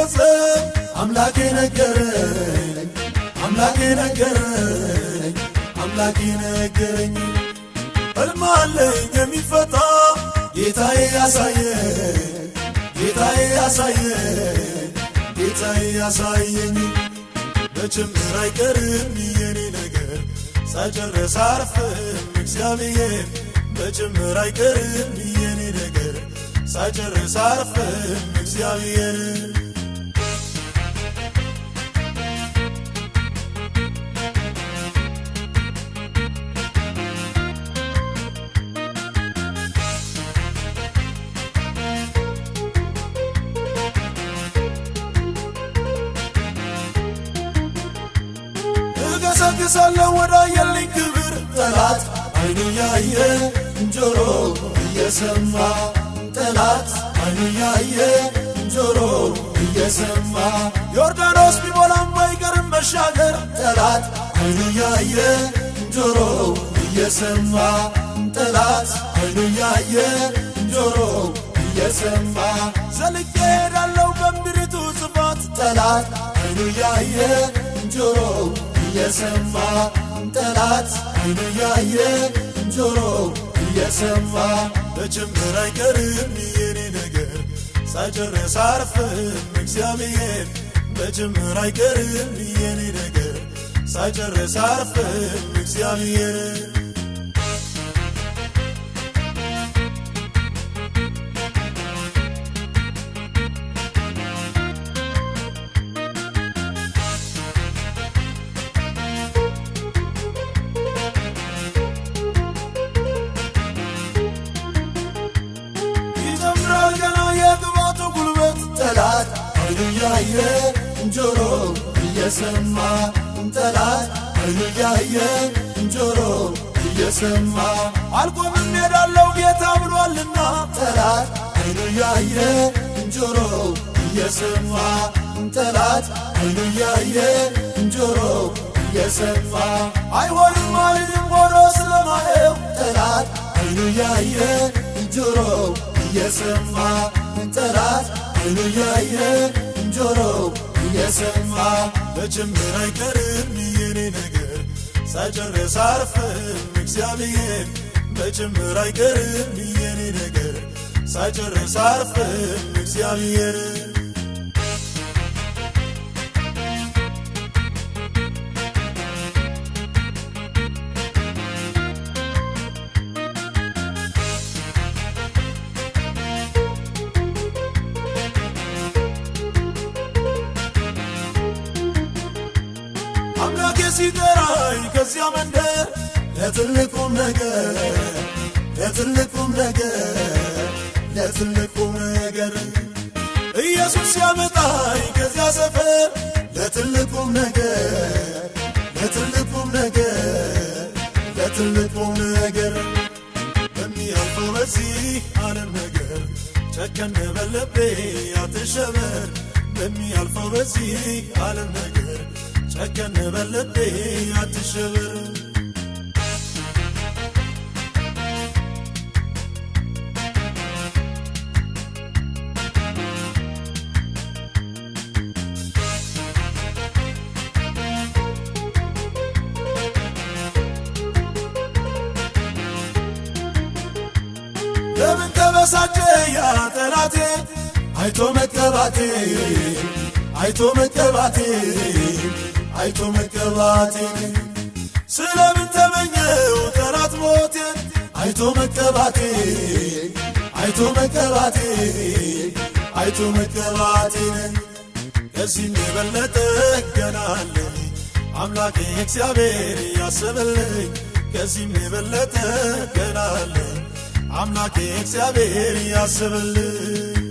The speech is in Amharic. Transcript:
ሲፈጸም አምላኬ ነገረኝ አምላኬ ነገረኝ አምላኬ ነገረኝ ሕልም የሚፈታ ጌታዬ ያሳየኝ ጌታዬ ያሳየ ጌታዬ ያሳየኝ በችምር አይቀርም የኔ ነገር ሳጨርስ አርፍም እግዚአብሔር በጭምር አይቀርም የኔ ነገር ሳጨርስ አርፍም እግዚአብሔር ገሰግሳለሁ ወዳየልኝ ክብር ጠላት አይኑ ያየ ጆሮ እየሰማ ጠላት አይኑ ያየ ጆሮ እየሰማ ዮርዳኖስ ቢሞላም አይቀርም መሻገር ጠላት አይኑ ያየ ጆሮ እየሰማ ጠላት አይኑ ያየ ጆሮ እየሰማ ዘልቄ ሄዳለሁ በምድሪቱ ጽፋት ጠላት አይኑ ያየ ጆሮ እየሰማ ጠላት ዓይኑ እያየ ጆሮ እየሰማ በጭምር አይቀርም የኔ ነገር ሳጨርስ አርፍም እግዚአብሔር በጭምር አይቀርም የኔ ነገር ሳጨርስ አርፍም እግዚአብሔር እያየ እንጆሮ እየሰማ ጠላት አይን እያየ ጆሮ እየሰማ አልቆም እንሄዳለው ጌታ ብሏልና ጠላት አይን እያየ እንጆሮ እየሰማ ጠላት አይን እያየ ጆሮ እየሰማ አይሆንም አይልም ሆኖ ስለማየው ጠላት አይኑ ያየ ጆሮ እየሰማ ጠላት አይኑ ያየ ጆሮው እየሰማ በጭምር አይቀርም የኔ ነገር ሳይጨርስ አርፍም እግዚአብሔር በጭምር አይቀርም የኔ ነገር ሳይጨርስ አርፍም እግዚአብሔር ሲጠራኝ ከዚያ መንደር ለትልቁም ነገር ለትልቁም ነገር ለትልቁም ነገር ኢየሱስ ያመጣኝ ከዚያ ሰፈር ለትልቁም ነገር ለትልቁም ነገር ለትልቁም ነገር በሚያልፈው በዚህ ዓለም ነገር ጨከን በለቤ አትሸበር በሚያልፈው በዚህ ዓለም ነገር ጨከን በልቤ አትሸበር ለምን ተበሳጨ ያ አይቶ መቀባቴ አይቶ መቀባቴ አይቶ መቀባቴን ስለምን ተመኘው ጠላት ሞቴን አይቶ መቀባቴን አይቶ መቀባቴን አይቶ መቀባቴን ከዚህም የበለጠ ገናለ አምላክ እግዚአብሔር ያስበልኝ ከዚህም የበለጠ ገናለ አምላክ እግዚአብሔር ያስበልኝ